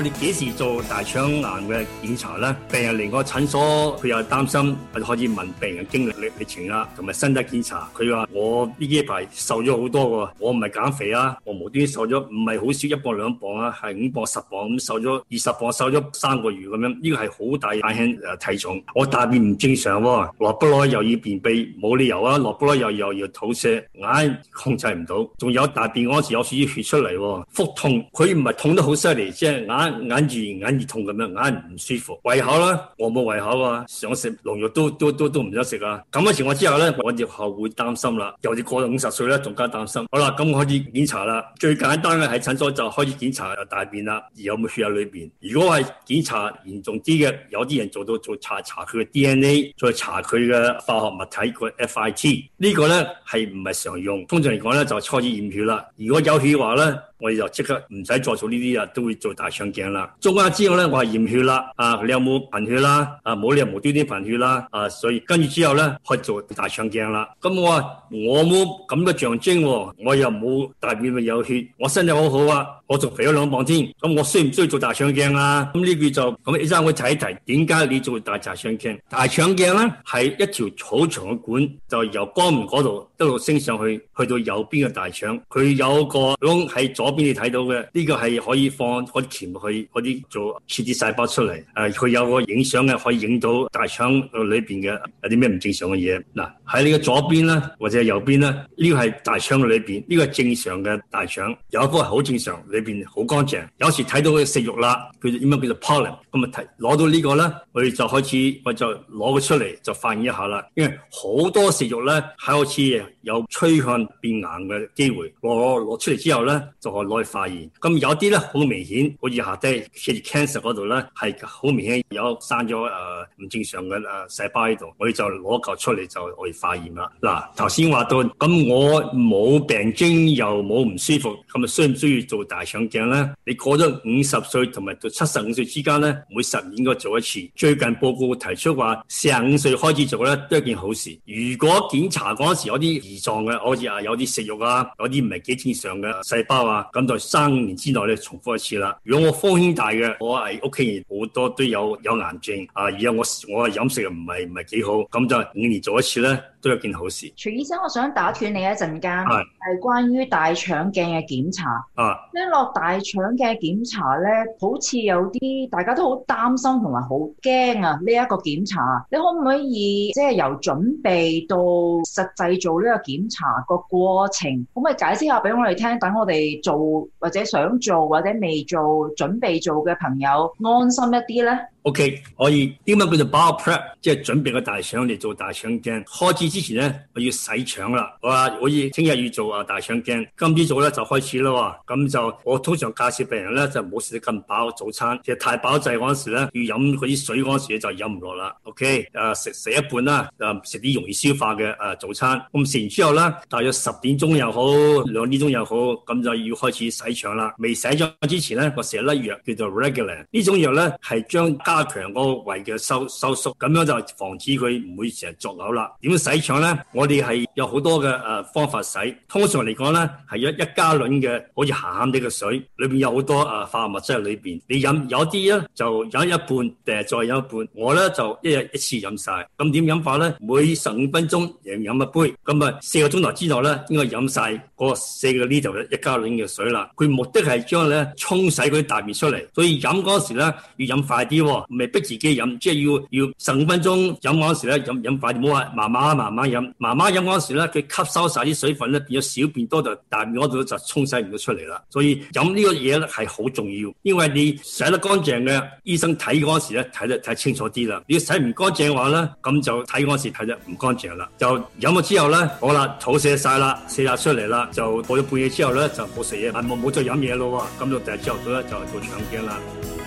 我哋幾時做大腸癌嘅檢查咧？病人嚟我診所，佢又擔心，可以開問病人經歷、歷歷程啦，同埋身體檢查。佢話：我呢幾排瘦咗好多喎，我唔係減肥啊，我無端端瘦咗，唔係好少一磅兩磅啊，係五磅十磅咁瘦咗二十磅，瘦咗三個月咁樣。呢、這個係好大反響誒體重。我大便唔正常喎，落不落又要便秘，冇理由啊，落不落又又要肚瀉，眼控制唔到。仲有大便嗰時有少少血出嚟，腹痛，佢唔係痛得好犀利，即係眼。眼熱眼熱痛咁樣，眼唔舒服，胃口啦，我冇胃口啊，想食龍肉都都都都唔想食啊。咁嘅情況之下咧，我日後會擔心啦，尤其是過到五十歲咧，仲加擔心。好啦，咁開始檢查啦，最簡單嘅喺診所就開始檢查就大便啦，有冇血喺裏邊。如果係檢查嚴重啲嘅，有啲人做到做查查佢嘅 DNA，再查佢嘅化學物體佢 FIT，個這個，呢個咧係唔係常用？通常嚟講咧就初次驗血啦。如果有血話咧，我哋就即刻唔使再做呢啲啦，都會做大腸鏡啦。做完之後呢，我係驗血啦，啊，你有冇貧血啦？啊，冇你又無端端貧血啦，啊，所以跟住之後呢，去做大腸鏡啦。咁我話我冇咁多象徵喎，我又冇、哦、大便咪有血，我身體好好啊。我仲肥咗兩磅添，咁我需唔需要做大腸鏡啊？咁呢句就咁，醫生會提一提點解你做大腸鏡？大腸鏡咧係一條好長嘅管，就由肛門嗰度一路升上去，去到右邊嘅大腸。佢有個窿，咁喺左邊你睇到嘅呢、這個係可以放嗰啲鉗去嗰啲做切啲細胞出嚟。誒、啊，佢有個影相嘅，可以影到大腸裏邊嘅有啲咩唔正常嘅嘢。嗱、啊，喺你嘅左邊咧，或者右邊咧，呢、這個係大腸嘅裏邊，呢、這個係正常嘅大腸。有一個係好正常。好乾淨，有時睇到佢食肉啦，佢就點樣叫做 polyp 咁啊睇攞到個呢個咧，佢就開始我就攞佢出嚟就發現一下啦，因為好多食肉咧喺好似有趨向變硬嘅機會，我攞出嚟之後咧就可攞去發現，咁有啲咧好明顯，好似下低好似 cancer 嗰度咧係好明顯有生咗誒。唔正常嘅啊細胞喺度，我哋就攞嚿出嚟就可以化驗啦。嗱，頭先話到，咁我冇病徵又冇唔舒服，咁啊需唔需要做大腸鏡咧？你過咗五十歲同埋到七十五歲之間咧，每十年應該做一次。最近報告提出話，四十五歲開始做咧都係一件好事。如果檢查嗰時有啲異狀嘅，好似啊有啲瘜肉啊，有啲唔係幾正常嘅細胞啊，咁就三五年之內咧重複一次啦。如果我風險大嘅，我係屋企人好多都有有癌症啊，而家我。我嘅飲食又唔係唔係幾好，咁就五年做一次啦。都有件好事。徐醫生，我想打斷你一陣間，係是關於大腸鏡嘅檢查。啊是，呢落大腸鏡檢查咧，好似有啲大家都好擔心同埋好驚啊！呢、這、一個檢查，你可唔可以即係、就是、由準備到實際做呢個檢查個過程，可唔可以解釋下俾我哋聽等我哋做或者想做或者未做準備做嘅朋友安心一啲咧？OK，可以。點樣叫做 bowel prep 即係準備個大腸嚟做大腸鏡開始。之前咧我要洗腸啦、啊，我話我要聽日要做啊大腸鏡，今朝早咧就開始啦。咁就我通常介紹病人咧就唔好食得咁飽早餐，其實太飽滯嗰時咧要飲嗰啲水嗰時就飲唔落啦。OK，誒、啊、食一、啊、食一半啦，誒食啲容易消化嘅誒、啊、早餐。咁食完之後咧，大約十點鐘又好，兩點鐘又好，咁就要開始洗腸啦。未洗腸之前咧，我食粒藥叫做 Regular，種藥呢種藥咧係將加強嗰個胃嘅收收縮，咁樣就防止佢唔會成日作嘔啦。點洗？腸咧，我哋係有好多嘅誒、啊、方法洗。通常嚟講咧，係有一,一加侖嘅，好似鹹啲嘅水，裏邊有好多誒、啊、化學物質喺裏邊。你飲有啲咧，就飲一半，定係再飲一半。我咧就一日一次飲晒。咁點飲法咧？每十五分鐘飲飲一杯。咁、嗯、啊，四個鐘頭之內咧，應該飲晒嗰四個呢度一加侖嘅水啦。佢目的係將咧沖洗嗰啲大便出嚟。所以飲嗰時咧，要飲快啲、哦，唔係逼自己飲。即係要要十五分鐘飲嗰時咧，飲飲快啲，唔好話慢慢啊嘛～慢慢慢慢飲，慢慢飲嗰陣時咧，佢吸收晒啲水分咧，變咗小便多，就大便嗰度就沖洗唔到出嚟啦。所以飲呢個嘢咧係好重要，因為你洗得乾淨嘅，醫生睇嗰陣時咧，睇得睇清楚啲啦。如果洗唔乾淨嘅話咧，咁就睇嗰陣時睇得唔乾淨啦。就飲咗之後咧，好啦，吐瀉晒啦，瀉出嚟啦，就過咗半夜之後咧，就冇食嘢，係冇冇再飲嘢咯。咁就第二朝早咧就做腸鏡啦。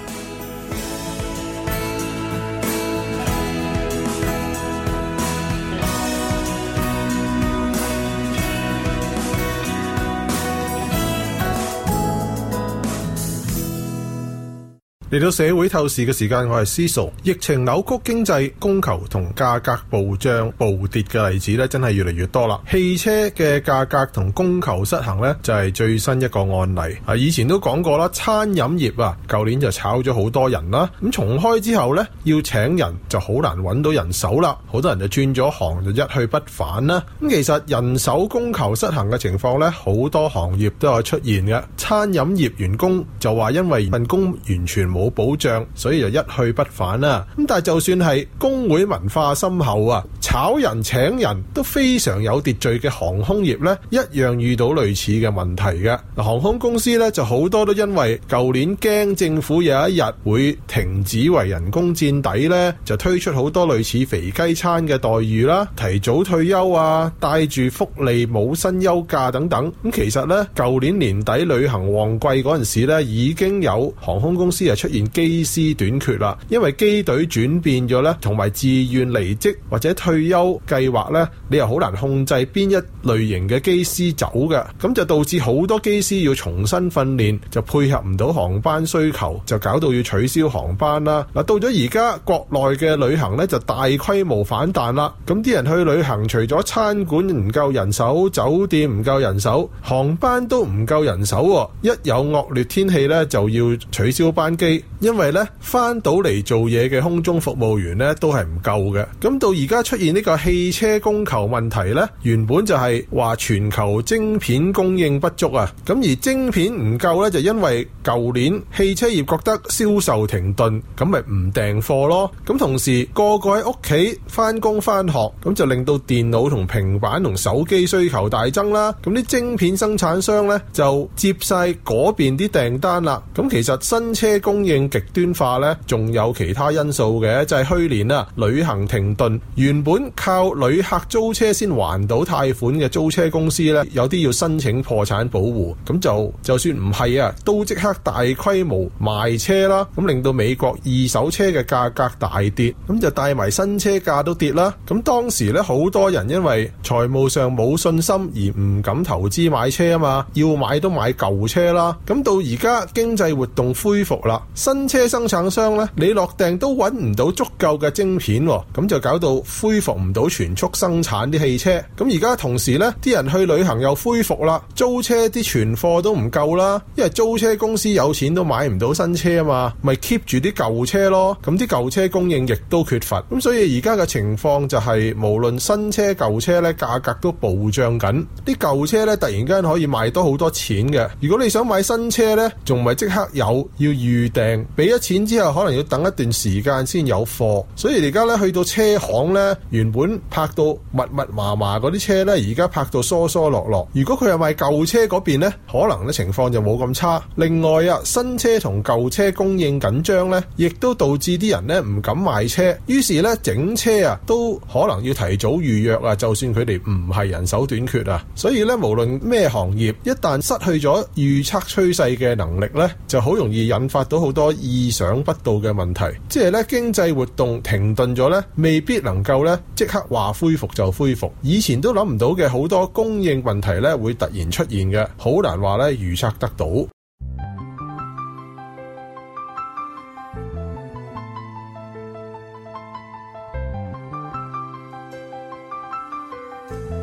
嚟到社會透視嘅時間，我係思瑤。疫情扭曲經濟供求同價格暴漲暴跌嘅例子咧，真係越嚟越多啦。汽車嘅價格同供求失衡呢，就係最新一個案例。啊，以前都講過啦，餐飲業啊，舊年就炒咗好多人啦。咁重開之後呢，要請人就好難揾到人手啦。好多人就轉咗行，就一去不返啦。咁其實人手供求失衡嘅情況呢，好多行業都有出現嘅。餐飲業員工就話因為份工完全冇。冇保障，所以就一去不返啦。咁但係就算係工會文化深厚啊，炒人請人都非常有秩序嘅航空業咧，一樣遇到類似嘅問題嘅。嗱，航空公司咧就好多都因為舊年驚政府有一日會停止為人工墊底咧，就推出好多類似肥雞餐嘅待遇啦，提早退休啊，帶住福利冇薪休假等等。咁其實咧，舊年年底旅行旺季嗰陣時咧，已經有航空公司啊出。既然機師短缺啦，因為機隊轉變咗咧，同埋自願離職或者退休計劃咧，你又好難控制邊一類型嘅機師走嘅，咁就導致好多機師要重新訓練，就配合唔到航班需求，就搞到要取消航班啦。嗱，到咗而家國內嘅旅行咧就大規模反彈啦，咁啲人去旅行，除咗餐館唔夠人手、酒店唔夠人手、航班都唔夠人手，一有惡劣天氣咧就要取消班機。因為咧，翻到嚟做嘢嘅空中服務員咧都係唔夠嘅。咁到而家出現呢個汽車供求問題咧，原本就係話全球晶片供應不足啊，咁而晶片唔夠咧就因為舊年汽車業覺得銷售停頓，咁咪唔訂貨咯，咁同時個個喺屋企翻工翻學，咁就令到電腦同平板同手機需求大增啦，咁啲晶片生產商咧就接晒嗰邊啲訂單啦，咁其實新車供應應極端化呢，仲有其他因素嘅，就係去年啊，旅行停頓，原本靠旅客租車先還到貸款嘅租車公司呢，有啲要申請破產保護，咁就就算唔係啊，都即刻大規模賣車啦，咁令到美國二手車嘅價格大跌，咁就帶埋新車價都跌啦。咁當時呢，好多人因為財務上冇信心而唔敢投資買車啊嘛，要買都買舊車啦。咁到而家經濟活動恢復啦。新車生產商呢，你落訂都揾唔到足夠嘅晶片，哦，咁就搞到恢復唔到全速生產啲汽車。咁而家同時呢啲人去旅行又恢復啦，租車啲存貨都唔夠啦，因為租車公司有錢都買唔到新車啊嘛，咪 keep 住啲舊車咯。咁啲舊車供應亦都缺乏，咁所以而家嘅情況就係、是、無論新車舊車呢，價格都暴漲緊。啲舊車呢，突然間可以賣多好多錢嘅。如果你想買新車呢，仲咪即刻有，要預訂。俾咗錢之後，可能要等一段時間先有貨，所以而家咧去到車行呢，原本拍到密密麻麻嗰啲車呢，而家拍到疏疏落落。如果佢係賣舊車嗰邊呢，可能咧情況就冇咁差。另外啊，新車同舊車供應緊張呢，亦都導致啲人呢唔敢賣車，於是呢，整車啊都可能要提早預約啊。就算佢哋唔係人手短缺啊，所以呢，無論咩行業，一旦失去咗預測趨勢嘅能力呢，就好容易引發到好。很多意想不到嘅問題，即係咧經濟活動停頓咗咧，未必能夠咧即刻話恢復就恢復。以前都諗唔到嘅好多供應問題咧，會突然出現嘅，好難話咧預測得到。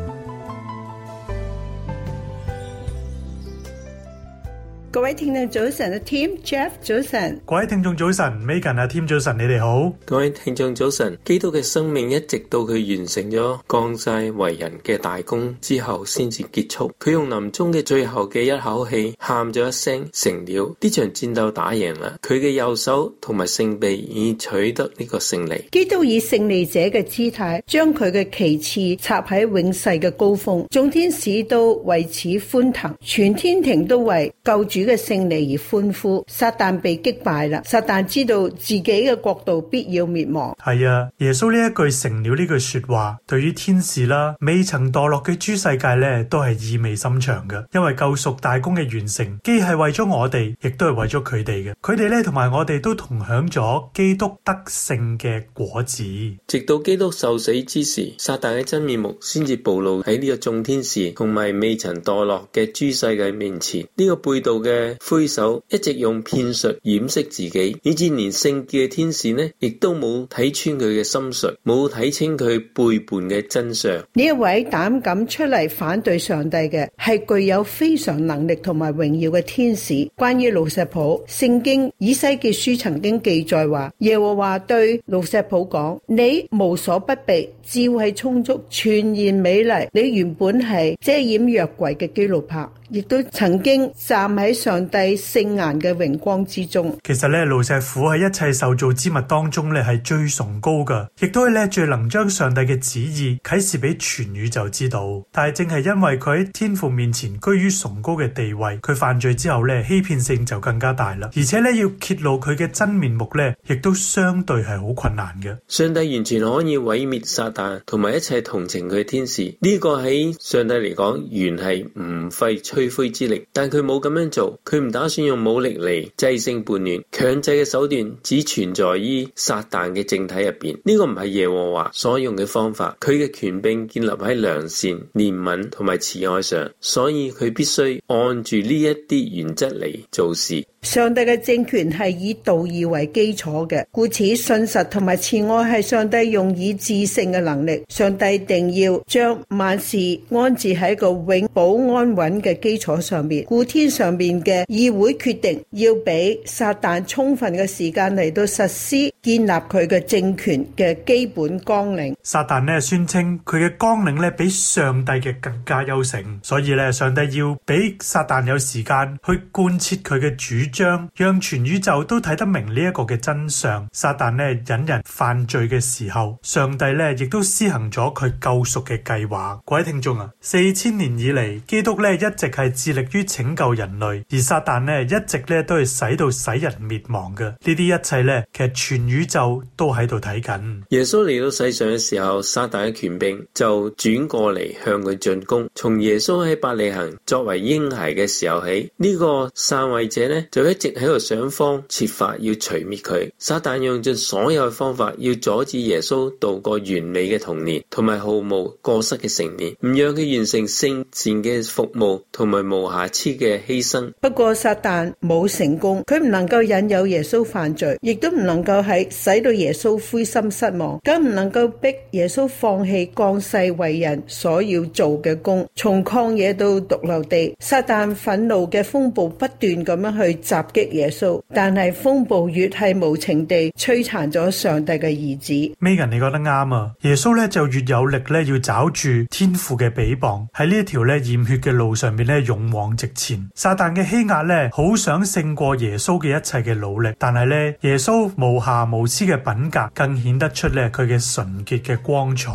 各位聽眾早晨，阿 Tim、Jeff 早晨，各位聽眾早晨，Megan 啊 Tim 早晨，你哋好，各位聽眾早晨。基督嘅生命一直到佢完成咗降世為人嘅大功之後，先至結束。佢用臨終嘅最後嘅一口氣，喊咗一聲，成了，呢場戰鬥打贏啦。佢嘅右手同埋聖臂已取得呢個勝利。基督以勝利者嘅姿態，將佢嘅旗幟插喺永世嘅高峰，眾天使都為此歡騰，全天庭都為救主。嘅勝利而歡呼，撒旦被擊敗啦！撒旦知道自己嘅國度必要滅亡。係啊，耶穌呢一句成了呢句說話，對於天使啦、未曾墮落嘅諸世界咧，都係意味深長嘅。因為救贖大功嘅完成，既係為咗我哋，亦都係為咗佢哋嘅。佢哋咧同埋我哋都同享咗基督得勝嘅果子。直到基督受死之時，撒旦嘅真面目先至暴露喺呢個眾天使同埋未曾墮落嘅諸世界面前。呢、這個背道嘅。揮手一直用騙術掩飾自己，以至連聖潔嘅天使呢，亦都冇睇穿佢嘅心術，冇睇清佢背叛嘅真相。呢一位膽敢出嚟反對上帝嘅，係具有非常能力同埋榮耀嘅天使。關於路錫甫，聖經以西結書曾經記載話，耶和華對路錫甫講：你無所不備，智慧充足，全然美麗。你原本係遮掩約櫃嘅基路伯，亦都曾經站喺。上帝聖顏嘅榮光之中，其實咧，路錫甫喺一切受造之物當中咧係最崇高嘅，亦都係咧最能將上帝嘅旨意啟示俾全宇宙知道。但係正係因為佢喺天父面前居於崇高嘅地位，佢犯罪之後咧欺騙性就更加大啦，而且咧要揭露佢嘅真面目咧，亦都相對係好困難嘅。上帝完全可以毀滅撒旦同埋一切同情佢嘅天使，呢個喺上帝嚟講原係唔費吹灰之力，但佢冇咁樣做。佢唔打算用武力嚟制勝叛亂，強制嘅手段只存在於撒旦嘅政體入邊。呢個唔係耶和華所用嘅方法。佢嘅權柄建立喺良善、憐憫同埋慈愛上，所以佢必須按住呢一啲原則嚟做事。上帝嘅政權係以道義為基礎嘅，故此信實同埋慈愛係上帝用以致勝嘅能力。上帝定要將萬事安置喺一個永保安穩嘅基礎上面，故天上面。嘅議會決定要俾撒旦充分嘅時間嚟到實施建立佢嘅政權嘅基本綱領。撒旦咧宣稱佢嘅綱領咧比上帝嘅更加優勝，所以咧上帝要俾撒旦有時間去貫徹佢嘅主張，讓全宇宙都睇得明呢一個嘅真相。撒旦咧引人犯罪嘅時候，上帝咧亦都施行咗佢救贖嘅計劃。各位聽眾啊，四千年以嚟，基督咧一直係致力於拯救人類。而撒旦咧，一直咧都係使到使人滅亡嘅呢啲一切咧，其實全宇宙都喺度睇緊。耶穌嚟到世上嘅時候，撒旦嘅權柄就轉過嚟向佢進攻。從耶穌喺伯利恆作為嬰孩嘅時候起，呢、這個篡位者咧就一直喺度想方設法要除滅佢。撒旦用盡所有嘅方法，要阻止耶穌度過完美嘅童年，同埋毫無過失嘅成年，唔讓佢完成聖善嘅服務，同埋無瑕疵嘅犧牲。不過撒旦冇成功，佢唔能夠引誘耶穌犯罪，亦都唔能夠喺使到耶穌灰心失望，更唔能夠逼耶穌放棄降世為人所要做嘅工。從曠野到髑髏地，撒旦憤怒嘅風暴不斷咁樣去襲擊耶穌，但係風暴越係無情地摧殘咗上帝嘅兒子。Megan，你覺得啱啊？耶穌咧就越有力咧要找住天父嘅臂膀，喺呢一條咧染血嘅路上面咧勇往直前。撒但嘅欺壓咧，好想勝過耶穌嘅一切嘅努力，但係咧，耶穌無瑕無疵嘅品格，更顯得出咧佢嘅純潔嘅光彩。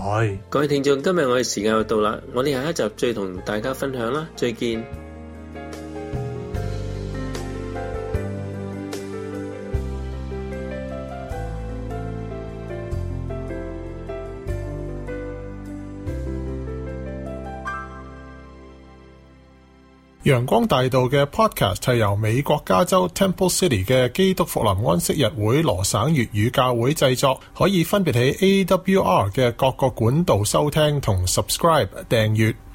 各位聽眾，今日我哋時間又到啦，我哋下一集再同大家分享啦，再見。陽光大道嘅 Podcast 係由美國加州 Temple City 嘅基督復臨安息日會羅省粵語教會製作，可以分別喺 AWR 嘅各個管道收聽同 subscribe 訂閱。